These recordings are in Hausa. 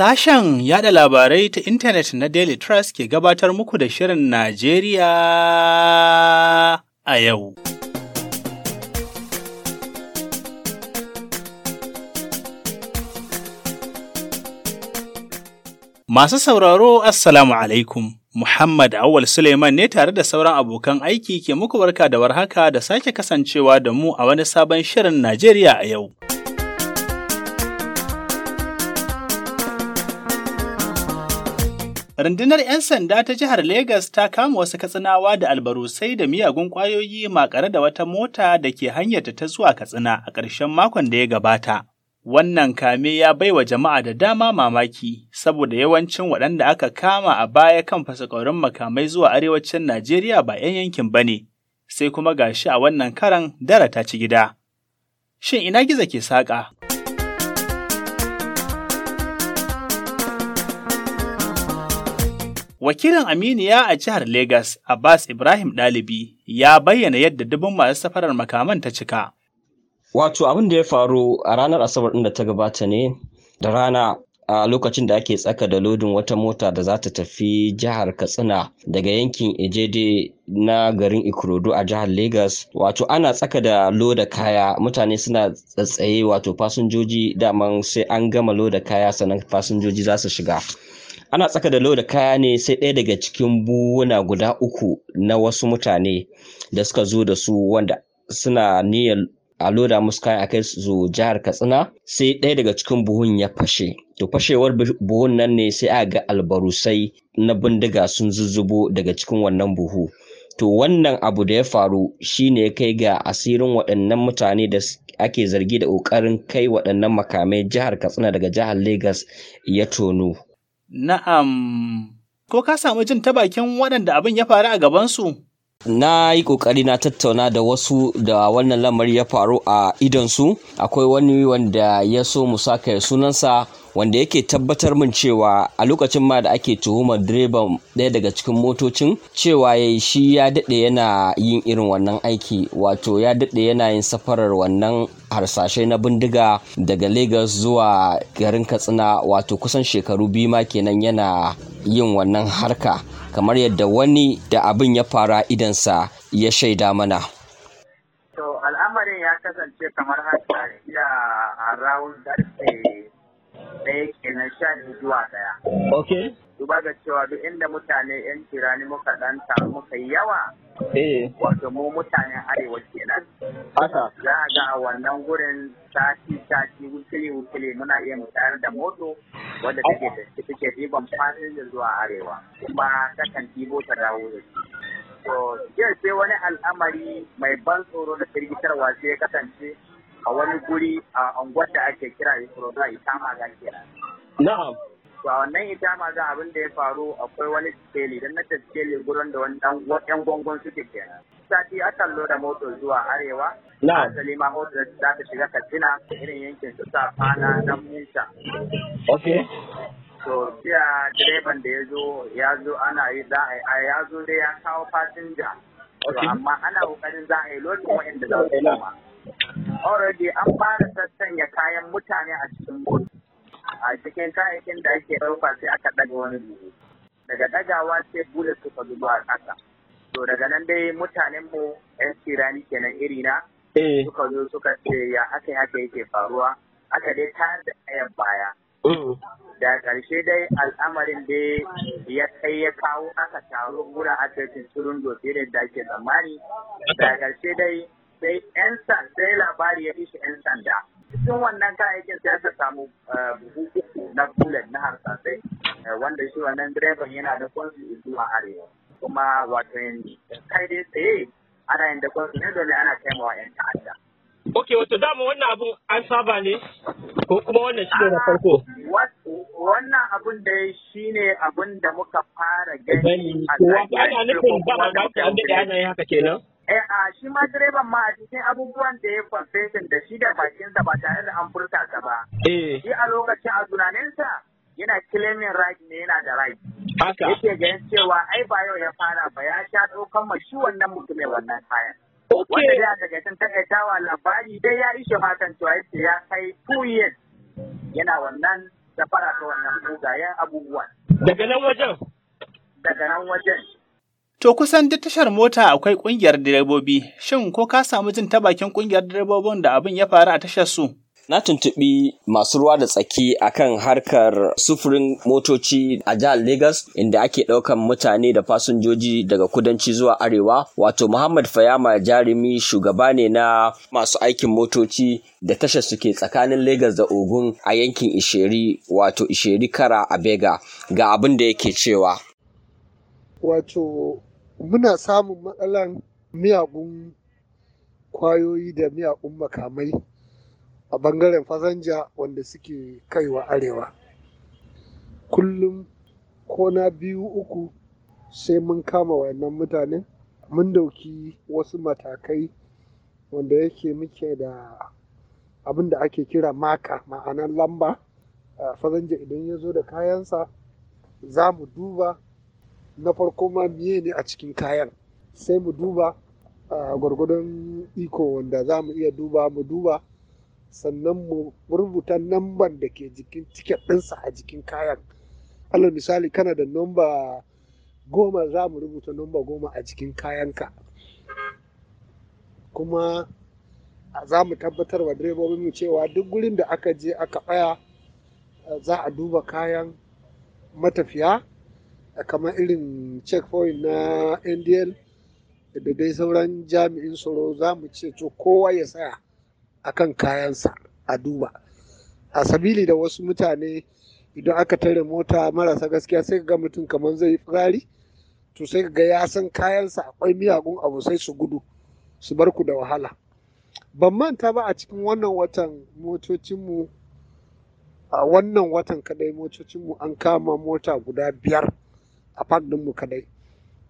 Sashen yada labarai ta intanet na Daily Trust ke gabatar muku da Shirin Najeriya a yau. Masu sauraro Assalamu alaikum. Muhammad Awal Suleiman ne tare da sauran abokan aiki ke muku barka da warhaka da sake kasancewa da mu a wani sabon shirin Najeriya a yau. Rundunar 'yan sanda ta jihar Legas ta kama wasu katsinawa da albarusai da miyagun ƙwayoyi makare da wata mota da ke hanyarta ta zuwa katsina a ƙarshen makon da ya gabata. Wannan kame ya baiwa jama'a da dama mamaki saboda yawancin waɗanda aka kama a baya kan fasakorin makamai zuwa arewacin Najeriya ba 'yan yankin ba ne, sai kuma gashi a wannan karan dara ta ci gida. Shin ina gizo ke saƙa? Wakilin Aminiya a jihar Legas, Abbas Ibrahim Dalibi, ya bayyana yadda dubin masu safarar makaman ta cika. Wato abin da ya faru a ranar Asabar ɗin da ta gabata ne da rana a lokacin da ake tsaka da lodin wata mota da za ta tafi jihar Katsina daga yankin Ejede na garin Ikorodu a jihar Legas. Wato ana tsaka da loda kaya mutane suna tsatsaye wato fasinjoji daman sai an gama loda kaya sannan fasinjoji za su shiga. ana tsaka da loda kaya ne sai ɗaya daga cikin buhuna guda uku na wasu mutane da suka zo da su wanda suna niyyar a loda musu kaya akai su jihar katsina sai ɗaya daga cikin buhun ya fashe to fashewar buhun nan ne sai a ga albarusai na bindiga sun zuzzubo daga cikin wannan buhu to wannan abu da ya faru shine ya kai ga asirin waɗannan mutane da ake zargi da ƙoƙarin kai waɗannan makamai jihar katsina daga jihar lagos ya tono Na'am, ko ka samu jin ta bakin waɗanda abin ya faru a gabansu? na yi ƙoƙari na tattauna da wasu da wannan lamari ya faru a idonsu akwai wani wanda ya so mu saka sunansa wanda yake tabbatar min cewa a lokacin ma da ake tuhumar direban ɗaya daga cikin motocin cewa ya yi shi ya daɗe yana yin irin wannan aiki wato ya daɗe yana yin safarar wannan harsashe na bindiga daga Lagos zuwa garin Katsina wato kusan shekaru biyu ma kenan yana yin wannan harka kamar yadda wani da abin ya fara idansa ya shaida mana. To al'amarin ya kasance kamar haka da a rawun da ɗaya kenan sha zuwa ɗaya. duba da cewa duk inda mutane yan tirani muka dan samu muka yawa eh. wato mu mutanen arewa kenan haka za a ga wannan gurin sati sati wukile wukile muna iya mu da moto wadda take da take fasinja zuwa arewa kuma takan dibo ta dawo da shi to jiya sai wani al'amari mai ban tsoro da firgitarwa sai ya kasance a wani guri a unguwar da ake kira yi kama ga kenan na'am to a wannan ma za abin da ya faru akwai wani sikeli don na sikeli gurin da wani yan gongon suke kenan sati akan loda moto zuwa arewa na asali ma za ta shiga katsina irin yankin su sa fana na musa Ok. to jiya direban da ya zo ya zo ana yi za a yi ya zo dai ya kawo fasinja amma ana kokarin za a yi lokacin wa'anda za su koma already an fara sassanya kayan mutane a cikin mota a cikin kayayyakin da ake ɗauka sai aka ɗaga wani buhu daga ɗagawa sai bullet suka zuba a ƙasa to daga nan dai mutanen mu yan tirani kenan iri na eh. suka zo suka ce ya haka haka yake faruwa aka dai tayar da ɗayan baya mm. da ƙarshe dai al'amarin dai ya kai ya kawo aka taro wurin asibitin turun dosirin da ke tsammani da ƙarshe dai sai yan sai labari ya fi shi yan sanda cikin wannan kayayyakin sai aka samu eh, buhu uku na kulen na harsasai eh, wanda shi wannan direban yana da kwansu zuwa arewa kuma wato kai dai tsaye ana yin da kwansu ne dole ana kai ma wa'yan ta'adda. Ok, wato dama wannan abun an saba ne ko kuma wannan shi ne na farko? Wannan abun da shi ne abun da muka fara gani a zagiyar. Wato ana nufin ba ma ba ta an daɗe ana yi haka kenan? Eh, a ah, shi ma direban ma a cikin abubuwan da ya confession da shi da bakinsa ba tare da an furta sa ba. Eh. Shi a lokacin a tunaninsa yana claiming right ne yana da right. Haka. Yake ganin cewa ai ba yau ya fara ba ya sha ɗaukan ma shi wannan mutumin wannan kayan. Wanda da daga can takaitawa labari dai ya ishe hakan cewa ya kai two years yana wannan safara ta wannan mugayen abubuwan. Daga nan wajen? Daga nan wajen. To kusan duk tashar mota akwai ƙungiyar direbobi, shin ko ka samu jin ta bakin ƙungiyar direbobin da abin ya faru a tashar su? na tuntuɓi masu ruwa da tsaki akan harkar sufurin motoci a jihar Legas inda ake ɗaukan mutane da fasinjoji daga kudanci zuwa arewa wato Muhammad Fayama jarumi shugaba ne na masu aikin motoci da tashar suke tsakanin Legas da Ogun a yankin Isheri wato Isheri Kara a Bega ga abin da yake cewa. Wato muna samun matsalan miyagun kwayoyi da miyagun makamai a bangaren fasanja wanda suke kaiwa arewa kullum kona biyu uku sai mun kama wayannan mutane, mun dauki wasu matakai wanda yake muke da abin da ake kira maka ma'anan lamba fasanja idan ya zo da kayansa za mu duba na farko ma miye ne a cikin kayan sai mu duba a gwargwadon iko wanda za mu iya duba mu duba sannan mu rubuta namban da ke jikin tiket ɗinsa a jikin kayan alal misali kana da namba goma za mu rubuta namba goma a jikin kayanka kuma za mu tabbatar wa direbobin cewa duk gurin da aka je aka ɓaya, za a duba kayan matafiya kamar irin checkpoint na ndl da dai sauran jami'in tsaro za mu ce to kowa ya tsaya a kan kayansa a duba a sabili da wasu mutane idan aka tare mota marasa gaskiya sai ga mutum kamar zai tsari to sai ga ya san kayansa akwai miyagun abu sai su gudu su bar ku da wahala ban manta ba a cikin wannan watan motocinmu a wannan watan kadai motocinmu an kama mota guda biyar a park mu kadai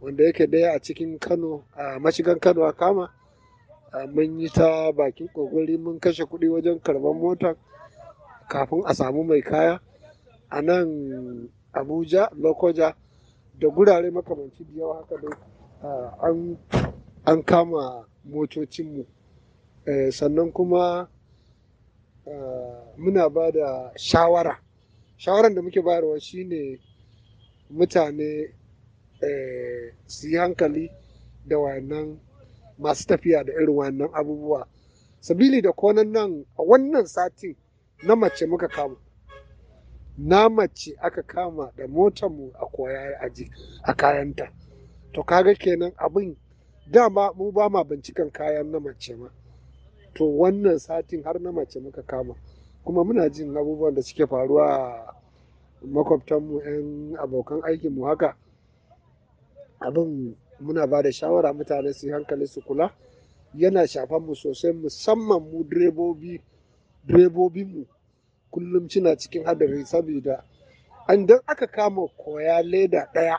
wanda yake daya a cikin kano a mashigan kano a kama mun yi ta bakin ƙoƙari, mun kashe kuɗi wajen karban mota kafin a samu mai kaya a nan abuja lokoja da gurare makamanci da yawa haka dai an kama motocinmu e, sannan kuma muna ba da shawara shawaran da muke bayarwa shine mutane eh, su yi hankali da wayannan masu tafiya da irin wannan abubuwa sabili da konan nan a wannan satin na mace muka kama na mace aka kama da motar mu a koya aji a kayanta to kaga kenan abin dama mu ba ma binciken kayan na mace ma to wannan satin har na mace muka kama kuma muna jin abubuwan da suke faruwa mu 'yan abokan aikinmu haka abin muna ba da shawara mutane su hankali su kula yana shafan mu sosai musamman mu direbobi direbobinmu kullum cina cikin hadari saboda an dan aka kama koya leda ɗaya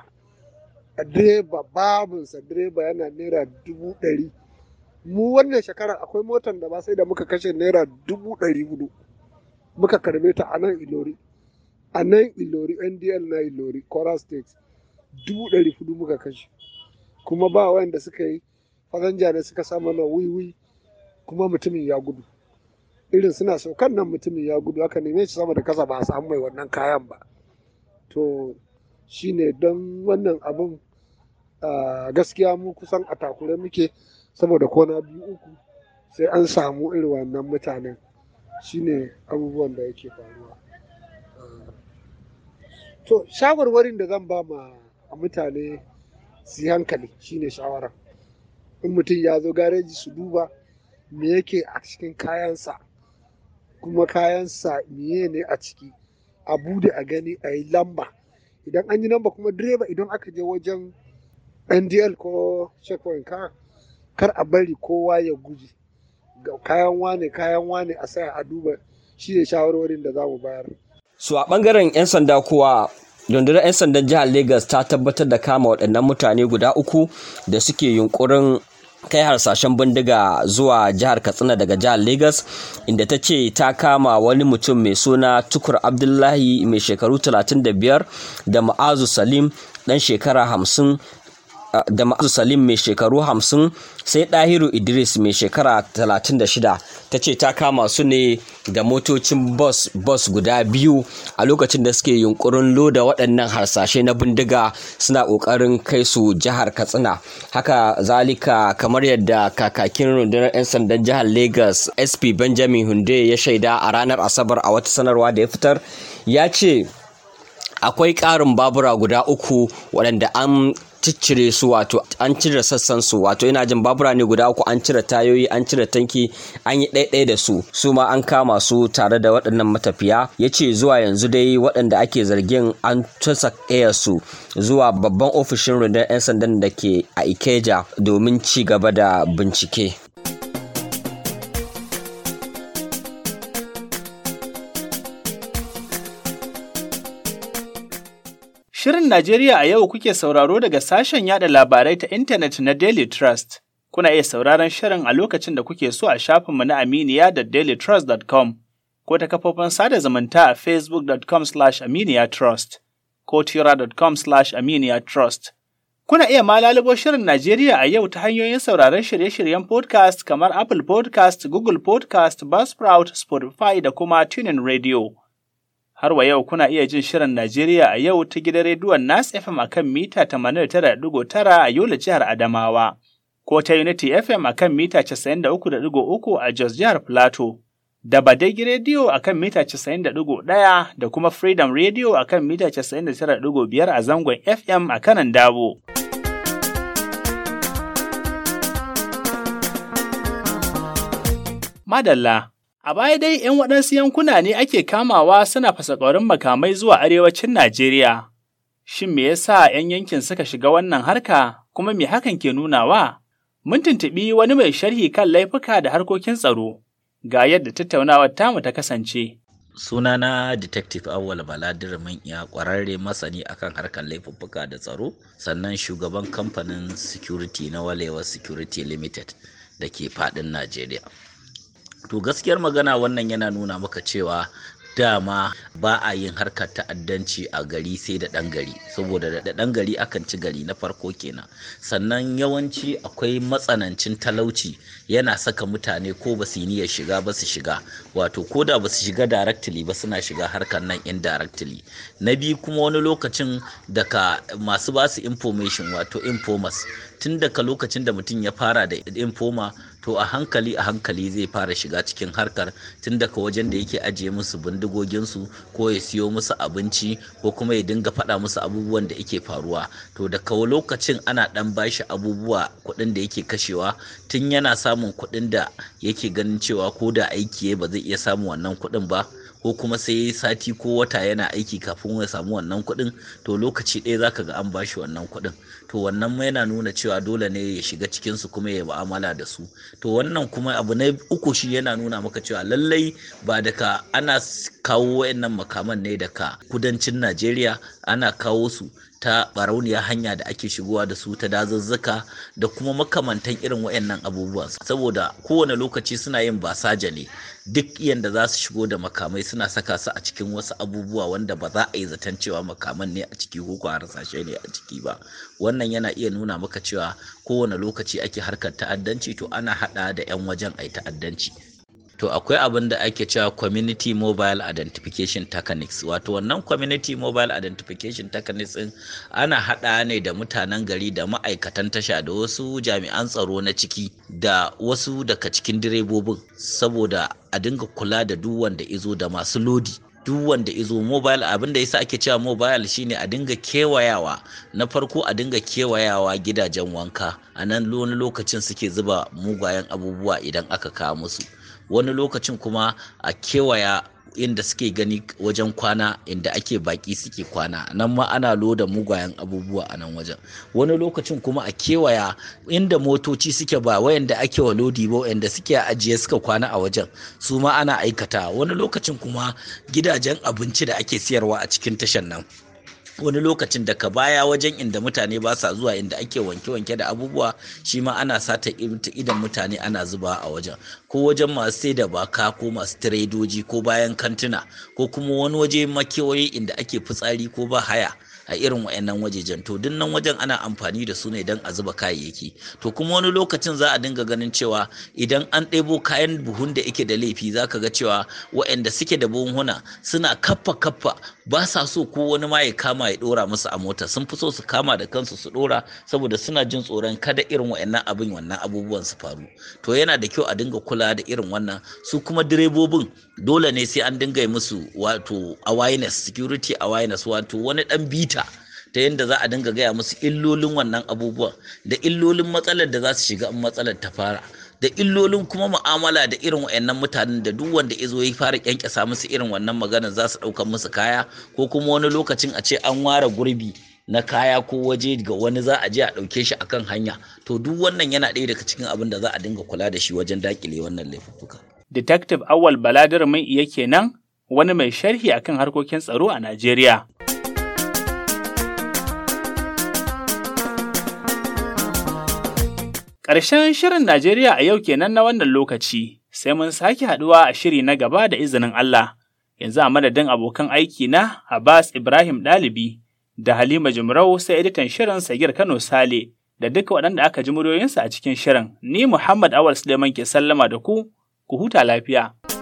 a direba babinsa direba yana naira dubu ɗari mu wannan shekara akwai motar da ba sai da muka kashe naira dubu ɗari hudu muka karbe ta a nan ilori a nan ilori ndl na ilori Kora state dubu ɗari hudu muka kashe kuma ba wanda suka yi fasanja ne suka samu na wiwi kuma mutumin ya gudu irin suna saukan nan mutumin ya gudu aka neme shi sama da kasa ba a samu mai wannan kayan ba to shi ne don wannan abin gaskiya mu kusan a takure muke saboda kona biyu uku sai an samu irin wannan mutanen Shi ne abubuwan da yake faruwa to shawarwarin da zan ba ma mutane su hankali shine shawara in mutum ya zo gareji su duba me yake a cikin kayansa kuma kayansa miye ne a ciki a bude a gani a yi lamba idan an yi lamba kuma direba idan aka je wajen ndl ko checkpoint ka kar a bari kowa ya guji kayan wane kayan wane a sa a duba shi ne shawarwarin da za mu bayar Su a ɓangaren 'yan sanda kuwa rundunar 'yan sandan jihar lagos ta tabbatar da kama waɗannan mutane guda uku da suke yunkurin kai harsashen bindiga zuwa jihar katsina daga jihar lagos inda ta ce ta kama wani mutum mai suna tukur abdullahi mai shekaru 35 da ma'azu salim dan shekara 50 da ma'azu salim mai shekaru hamsin sai Dahiru idris mai shekara talatin 36 ta ce ta kama su ne da motocin bus bus guda biyu a lokacin da suke yunkurin loda waɗannan harsashe na bindiga suna ƙoƙarin kai su jihar katsina haka zalika kamar yadda kakakin rundunar 'yan sandan jihar lagos sp benjamin hunde ya shaida a ranar asabar a wata sanarwa da ya fitar ya ce akwai ƙarin babura guda uku waɗanda an ciccire su wato an cire sassan su wato ina jin babura ne guda uku an cire tayoyi an cire tanki an yi ɗaiɗai da su su ma an kama su tare da waɗannan matafiya ya ce zuwa yanzu dai waɗanda ake zargin an tusa su zuwa babban ofishin rundunar 'yan sandan da ke a ikeja domin ci gaba da bincike Shirin Najeriya a yau kuke sauraro daga sashen yada labarai ta intanet na Daily Trust. Kuna iya sauraron shirin a lokacin da kuke so a shafinmu na Aminiya da dailytrust.com ko ta kafofin sada zumunta a facebook.com slash aminiyatrust ko tira.com slash aminiyatrust. Kuna iya ma lalubo shirin Najeriya a yau ta hanyoyin sauraron shirye-shiryen podcast kamar Apple podcast, Google podcast, Buzzsprout, Spotify da kuma Tuning Radio. Har wa yau kuna iya jin shirin Najeriya a yau ta gidan rediyon Nas FM akan mita 89.9 a Yola jihar Adamawa, ko ta Unity FM akan mita 93.3 a Jos jihar Plateau, da Badegi Radio akan mita 91.1 da kuma Freedom Radio akan mita 99.5 a zangon FM a kanan Dabo. Madalla A baya dai ‘yan waɗansu yankuna ne ake kamawa suna fasakwarin makamai zuwa arewacin Najeriya. Shin me yasa ‘yan yankin suka shiga wannan harka kuma me hakan ke nunawa? Mun tuntuɓi wani mai sharhi kan laifuka da harkokin tsaro. Ga yadda tattaunawar tamu ta kasance. Sunana Detective Awal Baladir ya ƙwararre masani akan harkar laifuffuka da tsaro, sannan shugaban kamfanin security na Walewa Security Limited da ke faɗin Najeriya. to gaskiyar magana wannan yana nuna maka cewa dama ba a yin harkar ta'addanci a gari sai da ɗan gari saboda da ɗan gari akan ci gari na farko kenan sannan yawanci akwai matsanancin talauci yana saka mutane ko ba su niyyar shiga ba su shiga wato ko da ba su shiga directly ba suna shiga harkar nan indirectly na biyu kuma wani lokacin daga masu ba su information wato informers tun daga lokacin da mutum ya fara da infoma to a hankali a hankali zai fara shiga cikin harkar tun daga wajen da yake ajiye musu bindigoginsu ko ya siyo musu abinci ko kuma ya dinga faɗa musu abubuwan da yake faruwa to daga lokacin ana ɗan bashi abubuwa kuɗin da yake kashewa tun yana samun kuɗin da yake ganin cewa ko da aiki ba zai iya samun wannan kuɗin ba ko kuma sai sati ko wata yana aiki kafin ya samu wannan kuɗin to lokaci ɗaya zaka ga an bashi wannan kuɗin to wannan yana nuna cewa dole ne ya shiga cikin su kuma ya mu'amala da su to wannan kuma abu na uku shi yana nuna maka cewa lallai ba daga ana kawo wayannan makaman ne daga kudancin Najeriya ana kawo su ta barauniya hanya da ake shigowa da su ta dazuzzuka da kuma makamantan irin wayannan abubuwan saboda kowane lokaci suna yin basaja ne duk yanda za su shigo da makamai suna saka su a cikin wasu abubuwa wanda ba za a yi zaton cewa makaman ne a ciki ko ko harsashe ne a ciki ba wannan yana iya nuna maka cewa kowane lokaci ake harkar ta'addanci to ana hada da 'yan wajen ayi ta'addanci to akwai abin da ake cewa community mobile identification techniques wato wannan community mobile identification techniques din ana haɗa ne da mutanen gari da ma'aikatan tasha da wasu jami'an tsaro na ciki da wasu daga cikin direbobin saboda a dinga kula da duk wanda izo da masu lodi duk wanda izo mobile abin da yasa ake cewa mobile shine a dinga kewayawa na farko a dinga kewayawa gidajen wanka a nan wani lokacin suke zuba mugayen abubuwa idan aka kawo musu wani lokacin kuma a kewaya inda suke gani wajen kwana inda ake baki suke kwana nan ma ana loda mugayen abubuwa a nan wajen wani lokacin kuma a kewaya inda motoci suke ba wayanda ake wa lodi ba wayanda suke ajiye suka kwana a wajen su ma ana aikata wani lokacin kuma gidajen abinci da ake siyarwa a cikin tashan nan wani lokacin daga baya wajen inda mutane ba sa zuwa inda ake wanke-wanke da abubuwa shi ma ana sata idan mutane ana zuba a wajen ko wajen masu sai da baka ko masu tiredoji ko bayan kantuna ko kuma wani waje makewaye inda ake fitsari ko ba haya a irin wayannan wajejen to duk nan wajen ana amfani da su ne don a zuba kayayyaki to kuma wani lokacin za a dinga ganin cewa idan an ɗebo kayan buhun da yake da laifi za ka ga cewa wayanda suke da buhunhuna suna kaffa kaffa ba sa so ko wani ma ya kama ya dora musu a mota sun fi so su kama da kansu su ɗora saboda suna jin tsoron kada irin wa'annan abin wannan abubuwan su faru to yana da kyau a dinga kula da irin wannan su kuma direbobin dole ne sai an dinga musu wato awareness security awareness wato wani dan bita ta yadda za a dinga gaya musu illolin wannan abubuwan da illolin matsalar da za su shiga in matsalar ta fara da illolin kuma mu'amala da irin wa'annan mutanen da duk wanda izo ya fara kyankyasa musu irin wannan maganar za su ɗaukar musu kaya ko kuma wani lokacin a ce an ware gurbi na kaya ko waje ga wani za a je a ɗauke shi akan hanya to duk wannan yana ɗaya daga cikin abin da za a dinga kula da shi wajen dakile wannan laifuka. Detective Awal baladar mai iya kenan wani mai sharhi akan harkokin tsaro a Najeriya. Ƙarshen shirin Najeriya a yau kenan na wannan lokaci, sai mun sake haɗuwa a shiri na gaba da izinin Allah. Yanzu a madadin abokan aiki na Abbas Ibrahim Dalibi da Halima Jumrau sai editan shirin Sagir Kano Sale da duka waɗanda aka ji muryoyinsa a cikin shirin. Ni Muhammad Awal Suleiman ke sallama da ku, ku huta lafiya.